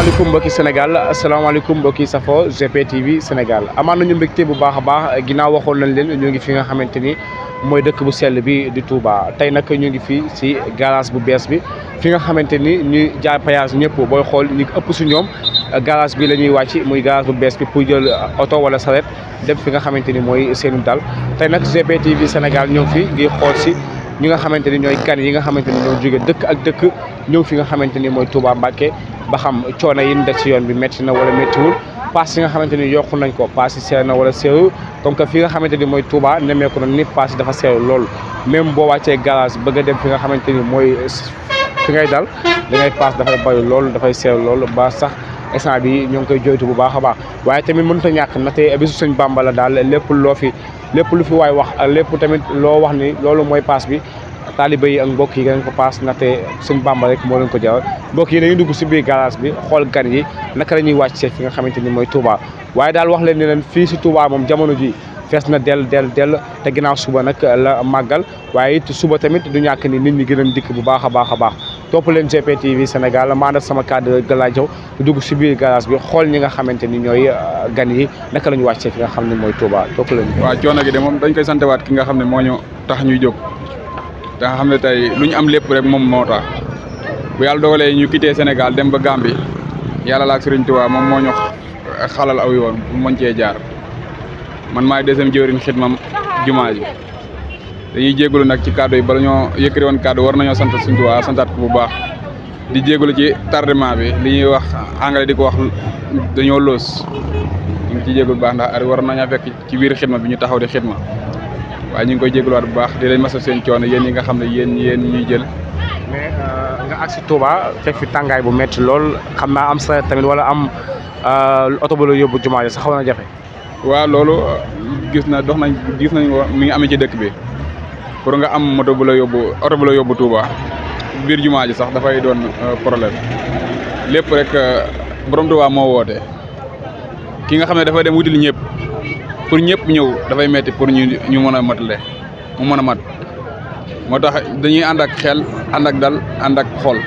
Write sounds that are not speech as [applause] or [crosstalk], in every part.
asalaamaaleykum mbokki Sénégal asalaamaaleykum mbokki Safo GP TV Sénégal amaan nañu mbégte bu baax a baax ginnaaw waxoon nañ leen ñu ngi fi nga xamante ni mooy dëkk bu sell bi di Touba tey nag ñu ngi fii si garage bu bees bi fi nga xamante ni ñuy jaay péage ñëpp booy xool ñu ëpp su ñoom garage bi la ñuy wàcc muy garage bu bees bi pour jël oto wala saret dem fi nga xamante ni mooy seenu dal tey nag GP TV Sénégal ñoo ngi fi di xool si ñi nga xamante ni ñooy gan yi nga xamante ni ñoo jóge dëkk ak dëkk ñëw fi nga xamante ni mooy Touba Mbacké ba xam coono yi ñu daj si yoon bi métti na wala méttiwul paas yi nga xamante ni yokku nañ ko paas yi na wala seeru comme fi nga xamante ni mooy Touba nemeeku na ni paas dafa seeru loolu même boo wàccee garage bëgg a dem fi nga xamante ni mooy fi ngay dal dangay paas dafay bayu loolu dafay seeru loolu ba sax instant bi ñoo ngi koy joytu bu baax a baax waaye tamit mënut a ñàkk na bisu sëñ Bàmba la daal lépp loo fi lépp lu fi waay wax lépp tamit loo wax ni loolu mooy paas bi taalibe yi ak mbokk yi ngeen ko paas ndaxte suñ bàmba rek moo leen ko jaral mbokk yi dañuy dugg si biir garage bi xool gan yi naka la ñuy wàcc fi nga xamante ni mooy Touba waaye daal wax leen ne leen fii si Touba moom jamono ji fees na dell dell dell te ginaa suba nag la màggal waaye it suba tamit du ñàkk ni nit ñi gën a dikk bu baax a baax a baax topp leen GPTV Sénégal maa def sama cadre Galaye Diaw dugg si biir garage bi xool ñi nga xamante ni ñooy euh, gan yi naka la wàccee fi nga xam ne mooy Touba topp leen. waaw gi de moom dañ koy waat ki nga xam ne moo ñu tax ñuy jóg da xam ne tey lu ñu am lépp rek moom moo tax bu yàlla dogalee ñu quitté Sénégal dem ba bi yàlla laak Sëriñ Tuubaa moom moo ñu xalal aw yoon bu mën cee jaar man maay deuxième jëwriñ xidma jumaa ji dañuy jégalu nag ci kàddu yi bala ñoo yëkkati woon kàddu war nañoo sant Sëriñ Tuubaa santaat ko bu baax di jégalu ci tardement bi li ñuy wax anglais di ko wax dañoo loos ñu ngi ci jégalu baax ndax ar war nañoo fekk ci biir xidma bi ñu taxaw di xidma waaye ngi koy jégaluwaat bu baax di leen masal seen coono yéen yi nga xam ne yéen yéen ñuy jël mais euh, nga agsi tuuba fekk fi tàngaay bu metti lool xam naa am sa tamit wala am euh, oto bu la yóbbu jumaa ji sax xaw jafe waaw loolu gis na dox nañ gis nañ mi ngi amee ci dëkk bi pour nga am moto bu la yóbbu bu la yóbbu jumaa ji sax dafay doon euh, problème lépp rek borom Touba moo woote ki nga xam ne dafa dem wutil ñëpp pour ñëpp ñëw dafay metti pour ñu ñu mën a matale mu mën a mat moo tax dañuy ànd ak xel ànd ak dal ànd ak xol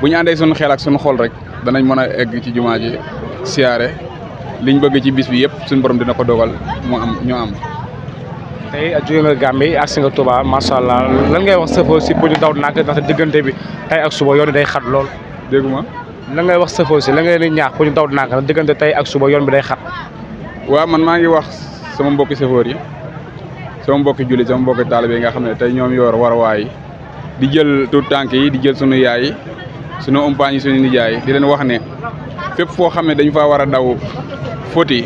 bu ñu àndee suñu xel ak suñu xool rek danañ mën a egg ci jumaa ji siyaare liñ bëgg ci bis bi yëpp suñu borom dina ko dogal mu am ñu am. tey jóge nga Gambie ak si nga Touba macha allah lan ngay wax sëfoo si pour ñu daw nag ndax diggante bi tey ak suba yoon bi lool dégg ma lan ngay wax sëfoo si lan ngay leen ñaax pour ñu daw nag diggante tey ak suba yoon bi day xat. waaw man maa ngi wax suma mbokki chauffeur yi sama mbokki julli sama mbokki taalibe nga xam ne tey ñoom yor waay di jël tout tànk yi di jël sunu yaay yi sunu umpaañ yi sunu nijaay di leen wax ne fépp foo xam ne dañu faa war a daw foti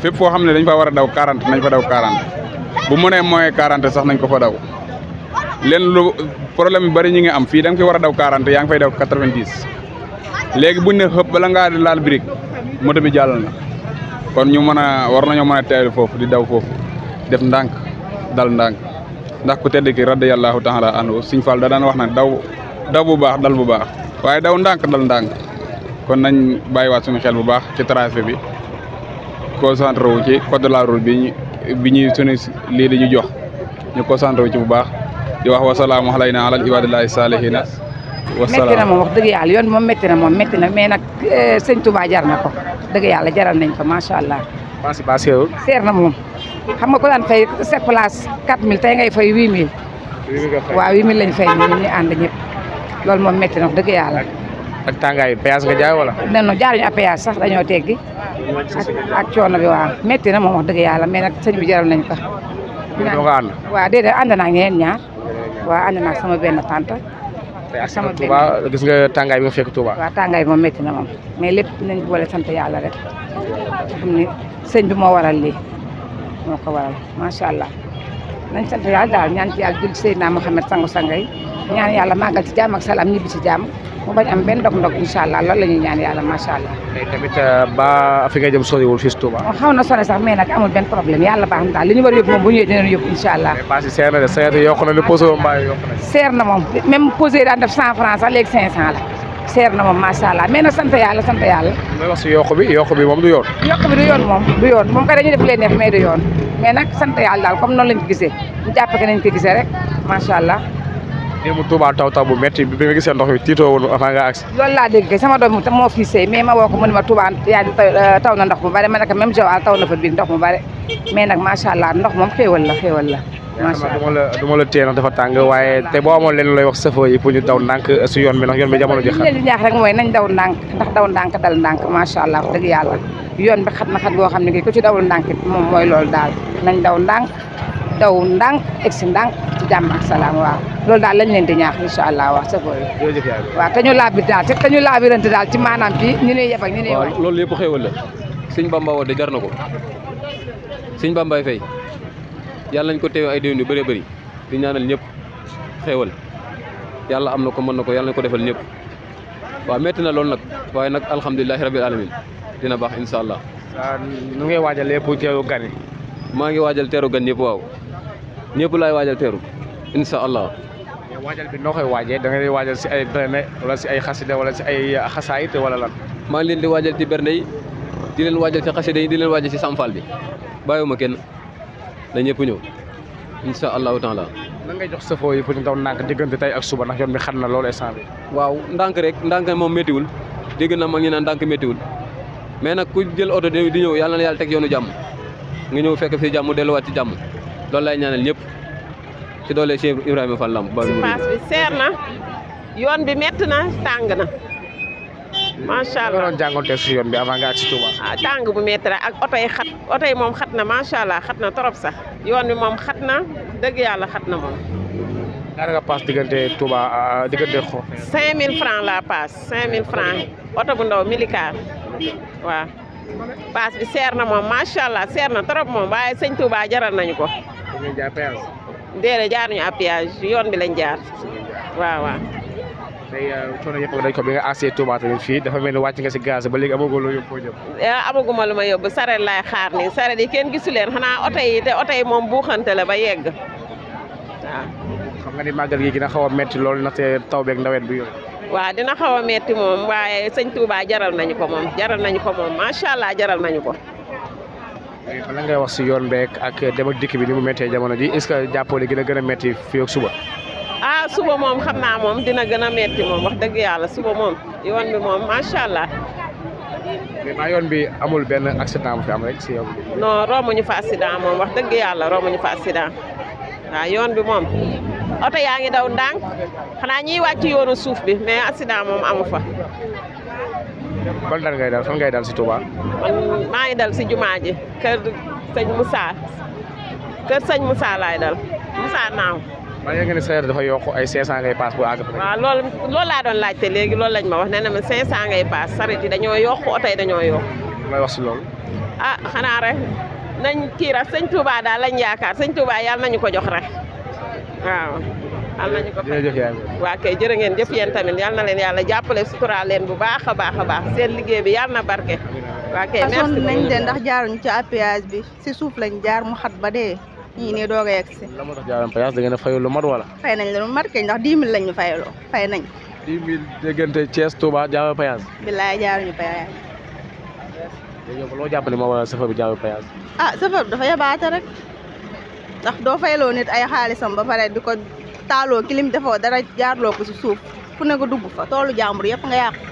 fépp foo xam ne dañ faa war a daw 40 nañ fa daw 40 bu mënee moyen 40 sax nañ ko fa daw leen lu problème yu bëri ñu ngi am fii da nga koy war a daw 40 yaa ngi fay daw 90 léegi buñ ne xëpp bala ngaa laal brique moto bi jàll na. kon ñu mën a war nañoo mën foofu di daw foofu def ndànk dal ndànk ndax ku tedd ki radiyallaahu taala anhu Sëñ Fall da daan wax na daw daw bu baax dal bu baax waaye daw ndànk dal ndànk kon nañ waat suñu xel bu baax ci trafic bi concentré wu ci code de la route bi bi ñuy sunu lii di ñu jox ñu concentré wu ci bu baax di wax wasalaamu alayna alal ibadillaahi saalihiina wasalaam métti na moom wax dëgg yàlla yoon moom métti na moom métti na mais nag eh, sëñ Touba jar na ko dëgg yàlla jaral nañ ko macha allah. paas yi seer na moom xam nga ko daan fay sept place quatre mille tey ngay fay huit mille. huit mille waaw huit mille lañ fay ñun ñu ànd ñëpp loolu moom métti na wax dëgg yàlla. ak tàngaay nga jaay wala. non non jaaruñu ab péage sax dañoo teggi ak coono bi waaw métti na moom dëgg yàlla mais nag sëñ bi nañ ko. doo ko ànd. waaw déedéet naa ak ñaar. waaw ànd naa sama benn tànta ak sama benn gis nga tàngaay bi nga fekk Touba. waaw tàngaay bi moom métti moom mais lépp nañ boole sant yàlla rek nga bi moo waral lii moo ko waral macha allah nañ sant yàlla daal ñaan ci yàlla jul Seydina Mouhamed sangu sangay ñaan yàlla màggal si jàmm salaam ñibbi si jàmm. mu bañ am benn ndog-ndog incha loolu la ñuy ñaan yàlla macha allah. tey tamit euh, ba fi nga jëm na sori sax mais nag amul benn problème yàlla baax na daal li ñu a yóbbu moom bu ñëwee dinañu yóbbu incha allah. mais basi seer na de seer yokku na li posé woon mbaa yokku na. seer na moom même posé yi la. comme noonu lañ ko gisee ñu jàpp rek macha démb Touba taw taw bu métti bi nga gisee ndox mi tiitoo woon avant nga ma woo ko mu ne ma Touba yaa taw euh, ma ne allah ndox moom xéewal la xéewal la macha allah ma la du ma la téye ndax dafa tàng waaye boo amoon leen looy wax safoo yi pour ñu euh, yoon bi ndax yoon mooy nañ daw ndànk ndax daw ndànk dal yoon bi xat na xat goo xam ne ko ci dawul ndànk moom mooy loolu daal nañ daw ndànk daw ndànk egsi ndànk ci jàmm ak salaam waaw loolu daal lañ leen di ñaax incha allah waaw sa boy waaw te ñu laabi daal te ñu laabirante daal ci maanaam ci ñu ne yef ak ñu ne la sëñ Bamba woo de jar na ko sëñ Bambaay Fay yàlla nañ ko teew ay déwén yu bëree bëri di ñaanal ñëpp xéewal yàlla am na ko mën na ko yàlla nañ ko defal ñëpp waaw metti na loolu nag waaye nag alhamdulilahi rabil alamin dina baax incha allah nu ngay waajal lépp teeru gan maa ngi waajal te gan ñëpp laay waajal teeru incha allah. waajal bi noo koy waajee da ngay waajal si ay berne wala si ay xasida wala si ay xasaayit wala lan. maa ngi leen di waajal ci berne yi di leen waajal ci xasida yi di leen waajal si samfal bi bàyyiwuma kenn na ñëpp ñëw incha allahu taala. lan ngay jox safoo yi pour ñu daw ndànk diggante tay ak suba ndax yoon bi xat na loolu instant bi. waaw ndànk rek ndànk moom méttiwul dégg na mag ñi naan ndànk méttiwul mais nak ku jël oto di ñëw yàlla na yàlla teg yoonu jàmm nga ñëw fekk fi jàmm delluwaat ci jàmm. loolu lay ñaanal ñëpp ci doole Cheikh Ibrahima Fall Lamp paas bi seer na yoon bi métti na tàng na macha allah doon si yoon bi avant nga ak si Touba ah ak oto yi xat moom xat na macha allah xat na trop sax yoon bi moom xat na dëgg yàlla xat na moom ñaata nga paas diggante Touba ah, ah, diggante xoox 5000 francs la paas 5000 francs oto bu ndaw milikaar waaw paas bi seer na moom macha allah seer na trop moom waaye sëñ Touba jaral nañu ko déedéet jaaruñu à péage yoon bi lañ jaar waaw waaw. Euh, ko bi nga àgsee Touba tamit dafa mel ni wàcc nga si gaz ba léegi amagoo loo yóbbu foo jëm. Eh, amaguma lu ma yóbbu xaar ni sareet yi kenn gisu leen xanaa oto yi te oto yi moom ba yegg waaw. xam màggal gi dina xaw a métti loolu na taw beeg nawet bi yooyu. waaw dina xaw a métti moom waaye sëñ Touba jaral nañu ko moom jaral nañu ko macha allah jaral nañu ko. lan ngay wax si yoon beeg ak dem ak dikk bi ni mu méttee jamono ji est-ce que jàppoo gën a gën a métti suba. ah suba moom xam naa moom dina gën a métti moom wax dëgg yàlla suba moom yoon bi moom macha allah. mais maa yoon bi amul benn accident bu fi am rek si yow. fa accident moom wax dëgg yàlla rombuñu fa accident waaw yoon bi moom oto yaa ngi daw ndànk xanaa ñiy wàcc yoonu suuf bi mais accident moom amu fa. ban dal ngay dal fan ngay dal si Touba. man maa ngi dal si jumaa ji kër sëñ Moussa kër sëñ mu Moussa laay dal Moussa naaw. maa ngi ne salaire dafa yokk ay 500 ngay paas bu àgg. waaw loolu loolu laa doon laajte léegi loolu lañ ma wax nee na ma 500 ngay paas saret yi dañoo yokk oto yi dañoo yokk. may wax si lool a ah, xanaa rek nañ kii rek sëñ Touba daal lañ yaakaar sëñ Touba yàlla nañu ko jox rek waaw. am nañu ko waaw kay jërë ngeen jëf yéen tamit yal na leen yàlla jàppale sutura leen bu baax a baax a baax seen liggéey bi yal na barke waaw kay merci nañ de ndax jaaruñ ci appuyage bi si suuf lañ jaar mu xat ba dee ñii nii doog a yegg si la moo tax jaaroon péage da ngeen a fayul lu mat wala fay nañ la lu mat kay ndax dix mille lañ ñu fayaloo fay nañ dix mille déggante Thiès Touba jaaro péage bilaay jaaruñu péage loo jàpp ne moo wala safar bi jaaro a ah rek ndax doo fayloo nit ay xaalisam ba pare di ko taaloo kilim defoo dara jaarloo ko si suuf fu ne nga dugg fa toolu jàmbur yëpp nga yàqu.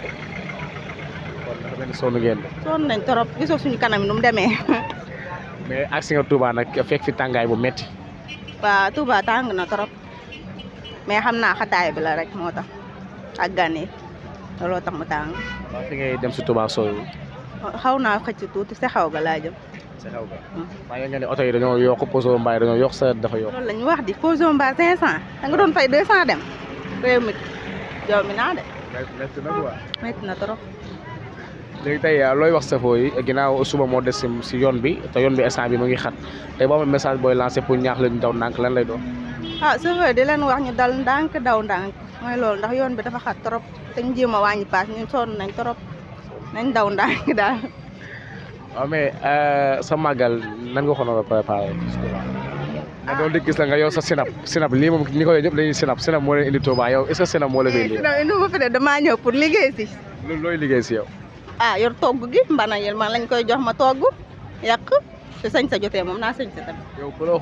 sonn ngeen de. sonn nañ trop gisoo suñu kanam nu mu demee. [laughs] mais agsi nga Touba nag fekk fi tàngaay bu metti waaw Touba tàng na trop mais xam naa xataay bi rek moo tax ak gan yi tax mu tàng. waaw fi ngay dem si Touba sooyul. xaw naa xëcc tuuti si xaw ba laa jëm. si xew ba. maa ngi leen di oto yi dañoo yokk poso mbaay dañoo yokk saret dafa yokk. loolu la ñu wax di poso mbaay san da nga doon fay 200 dem réew mi naa de. métti na quoi. métti na trop. léegi tey ah, looy wax safoo yi ginnaaw suba moo des si yoon bi te yoon bi instant bi mu ngi xat tey boo amee message booy lancé pour ñaax leen daw ndànk lan lay doon. ah safoo yi di leen wax ndànk daw ndànk mooy loolu ndax yoon bi dafa xat trop te ñu jéem a wàññi paas ñun sonn nañ trop nañ daw ndànk daal. waaw ah, mais euh, sa màggal nan nga ko ah, doon préparé. waaw doon di gis la nga yow sa sinap sinap lii moom ñi ko ñëpp dañuy sinap sinap moo leen indi Touba yow est ce que sinap moo la koy indi. sinap eh, indi liggéey si. loolu liggéey si yow. ah yor togg gi mbana yel man lañ koy jox ma togg yàq te sañ sa jotee moom naa sañ sa tamit. yow ku la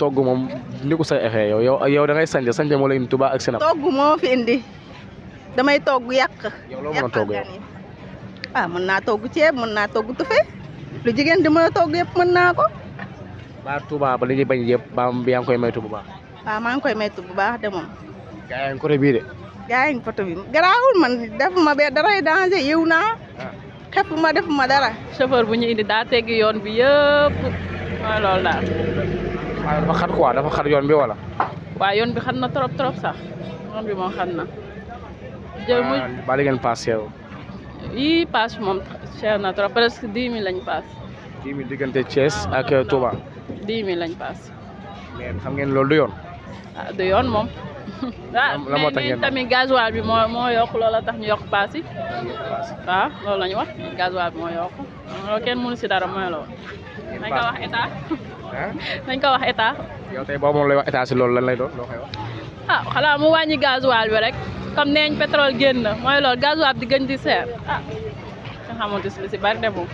togg moom ni ko sa exee yow yow yow da ngay sañ sañ moo la indi Touba ak sinap. togg moo fi indi damay togg yàq. yow loo mën a togg yow a ah, mën naa togg ceeb mën naa togg tufe lu jigéen di mën yëpp mën naa ko. ba Touba ba li ñuy bañ yëpp ba am koy maytu bu baax. waaw ah, maa ngi koy maytu bu baax de moom. gaa yaa ngi côté bii de. gaa yaa ngi côté bi garaawul man defuma be daray danger yiw naa. xepp ah. ma defuma dara. chauffeur bu ñu indi daa teggi yoon bi yëpp mooy loolu daal. waaw dafa xat quoi dafa xat yoon bi wala. waaw yoon bi xat na trop trop sax yoon bi moom xat na. jërëjëf yii paas moom cher na trop presque dix mille lañ paas. dix mille euh, lañ paas. mais ngeen loolu du yoon. ah du yoon moom. la [laughs] ah, moo tax ngeen tamit gasoil bi moo moo yokk loola tax ñu yokk paas yi. waaw ah, loolu la ñu wax gasoil bi moo yokk loolu kenn mënu si dara mooy loolu. nañ ko wax état. [laughs] nañ ko wax état. yow tey boo moom lay wax état si loolu lan lay doon loo koy wax. ah xanaa mu wàññi gasoil bi rek. comme nee nañ pétrole génn na mooy loolu di gën di seer ah nga xamante si si bari demul.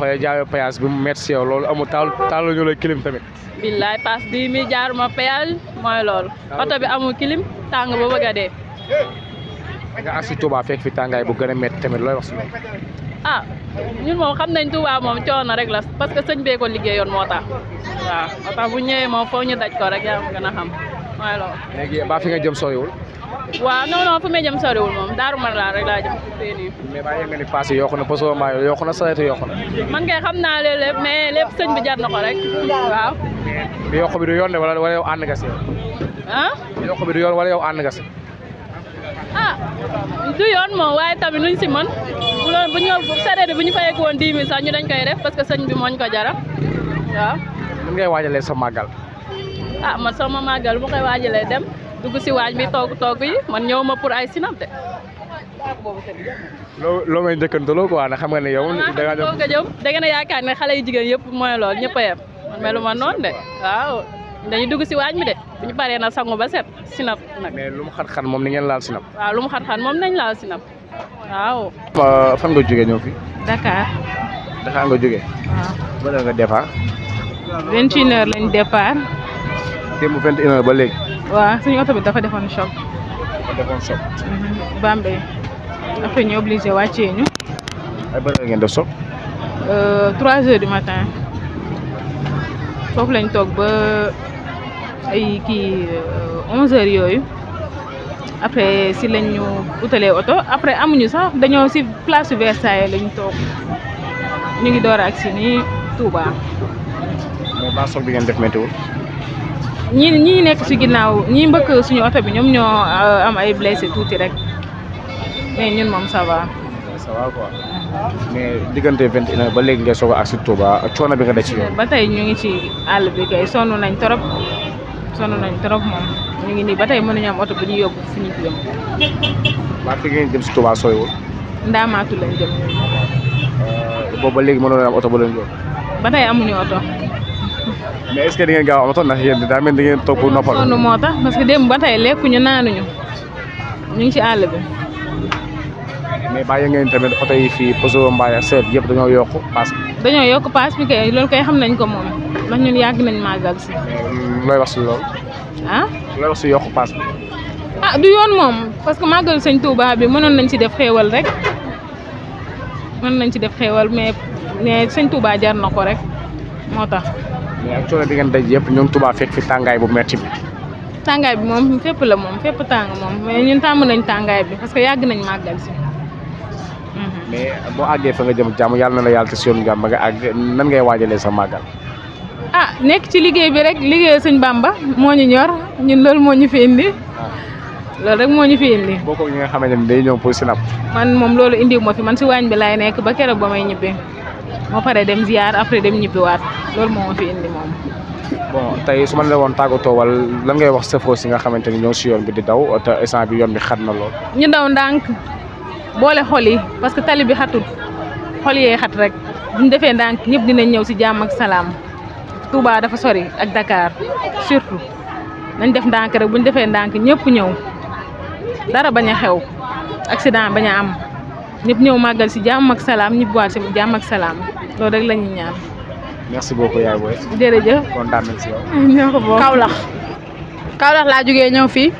léegi jaayoo péage bi mu métti lool yow loolu amul taal taal la ñu lay clim tamit. billaay paas dix mille jaaruma péage mooy loolu. oto bi amul clim tàng ba bëgg a dee. fi tàngaay bu gën a tamit looy wax si ah ñun moom xam nañ Touba moom coono rek la parce que sëñ bee ko liggéeyoon moo tax waaw moo bu ñëwee moom foo ñu daj ko rek yaa ma gën mooy loolu. nga jëm sooyul. waaw non non fu may jëm soriwul moom Daaru Marnaan rek laa jëm fii nii. mais bàyyi nga ni na posoo maa yokku na man kay xam naa léeg-léeg mais lépp bi jar na ko rek waaw. mais yokku bi du yoon de wala yow ànd nga si. bi du yoon wala yow ànd nga ah du yoon moom waaye tamit luñ si mën bu loolu bu ñu sareet bu ñu fayee ko woon 10 000 dañ koy def parce que sëñ bi mooñ ko jara waaw. nan ngay waajalee sa màggal. ah man sama màggal bu koy waajalee dem. dugg si waañ bi togg togg yi man ñëw ma pour ay sinap de. loo loo may njëkkantaloo quoi xam nga ne yow. Ah, da ngaa jëm yaakaar ne xale yu jigéen yëpp mooy loolu ñëpp a yem man meluma noonu dugg si waañ bi de bu ñu paree na sangu ba set sinap nag. mais lu mu xat-xat moom ni ngeen laal sinap. waaw lu mu xat-xat moom nañ laal sinap waaw. fan nga jógee ñëw fi Dakar. Dakar nga jógee. waaw ba nga départ. 21 lañ départ. démb 21 heures ba léegi. waaw suñu oto bi dafa defoon choc. dafa defoon choc. Mhm. Bambey après ñu obligé wàccee ñu. ay bëri ngeen def choc. Euh, trois heures du matin foofu lañ toog ba ay kii euh, onze heures yooyu après si lañ ñu utalee oto après amuñu sax dañoo si place Versailles lañ toog ñu ngi door ak si nii Touba. mais ba choc bi ngeen def météo. ñi ñi nekk ci ginnaaw ñi mbëkk suñu oto bi ñoom ñoo euh, am ay blessé tuuti rek mais ñun moom ça va. ça va diggante vingt et un ba léegi nga soog ak si Touba coono bi nga daj ci yoon. ba tey ñu ngi ci àll bi kay sonn nañ trop sonn nañ trop moom ñu ngi nii ba tey mënuñu am oto bu ñu yóbbu fu ñu jëm. si Touba sooyul. Ndaamaatu lañ euh, boobu ba léegi mënoon am oto bu leen yóbbu. ba oto. mais est ce que di ngeen gaaw amatul ndax yéen daa mel ni da ngeen toog pour noppal. sonn moo tax parce que démb ba tey lekkuñu naanuñu ñu ngi ci àll bi. mais bàyyi ngeen tamit oto fii Poso Mbaye ak Seydou yëpp dañoo yokk paas bi. dañoo yokk paas bi kay loolu kay xam nañ ko moom ndax ñun yàgg nañ màggal si. looy wax si loolu. ah looy si yokk paas ah, moom parce que màggal sëñ Touba bi mënoon nañ ci def xéewal rek mënoon nañ ci def xéewal mais mais sëñ Touba jar na ko rek moo tax. mais ak coono bi ngeen daj yëpp ñoom Touba fekk fi tàngaay bu metti bi. tàngaay bi moom fépp la moom fépp tàng moom mais ñun tàmm nañ tàngaay bi parce que yàgg nañ màggal si. Mhm. mais boo àggee fa nga jëm jàmm yàlla na la yàlla te si yoon jàmm ba nga àgg nan ngay waajalee sa màggal. ah nekk ci liggéey bi rek liggéey suñ bàmba moo ñu ñor ñun loolu moo ñu fi indi. Ah. loolu rek moo ñu fi indi. boo ko ñi nga xamante ne day ñëw pour Sinaab. man moom loolu indi moo fi man si waañ bi laay nekk ba keroog ba may ma pare dem ziar après dem ñibbiwaat loolu moo ma fi indi moom. bon tey su ma ne la woon tàggatoo wala lan ngay wax sëfoo si nga xamante ni ñoo si yoon bi di daw te instant yoon bi xat na lool. ñu daw ndànk boole xol yi parce que tali bi xatul xol yee xat rek buñ defee ndànk ñëpp dinañ ñëw si jàmm ak salaam Touba dafa sori ak Dakar surtout nañ def ndànk rek buñ defee ndànk ñëpp ñëw dara bañ a xew accident bañ a am ñëpp ñëw màggal si jàmm ak salaam ñibbiwaat si jàmm ak salaam. loolu rek la ñuy ñaan. merci beaucoup yaay si yow. ñoo ko bokk Kaolack. Kaolack laa jógee ñëw fii.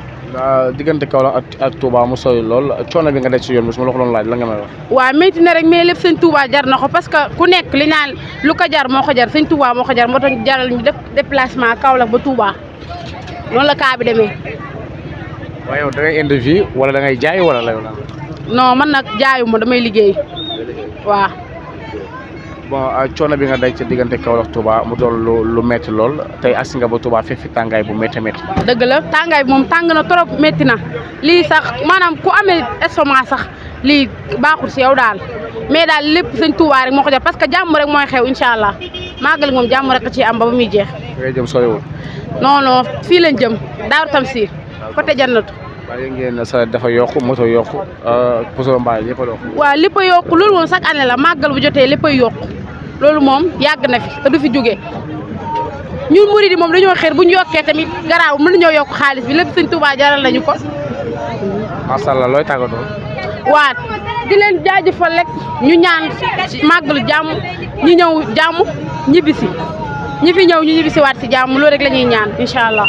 diggante Kaolack ak ak Touba mu sooy lool coono bi nga def si yoon bi su ma la ko doon laaj la nga may wax. waaw métti rek mais lépp sëñ Touba jar na ko parce que ku nekk li naan lu ko jar moo ko jar sañ Touba moo ko jar moo tax jaral ñu def déplacement Kaolack ba Touba noonu la kaa bi demee. waaye yow da ngay interview wala da ngay jaay wala la. non man nag jaayuma damay liggéey waaw. bon euh, coono bi nga daj ci diggante Kaolack Touba mu doon lu lu métti lool tey agsi nga ba Touba fekk fi tàngaay bu métti métti. dëgg la tàngaay bi moom tàng na trop métti na lii sax maanaam ku amee estomac sax lii baaxul si yow daal mais daal lépp sëñ Touba rek moo ko def parce que jàmm rek mooy xew incha allah màggal moom jàmm rek a ciy am ba ba muy jeex. ngay jëm soriwul. non non fii lañ jëm Daaru Tamsir côté Jannatu. waaye yéen ngeen sa dafa yokk moto yokk euh, poso mbaay lépp a yokk. lépp yokk loolu moom chaque la màggal bu jotee lépp yokk loolu moom yàgg na fi te du moom dañoo xeer bu ñu yokkee tamit garaaw mën nañoo yokk xaalis bi lépp sëñ Tuubaa jaral nañu ko. looy tàggatoo. waa di leen jaajëfal rek ñu ñaan màggalu jàmm ñu ñëw jàmm ñibbisi ñi fi ñëw ñu ñibbisiwaat si jàmm loolu rek lañuy ñaan incha allah.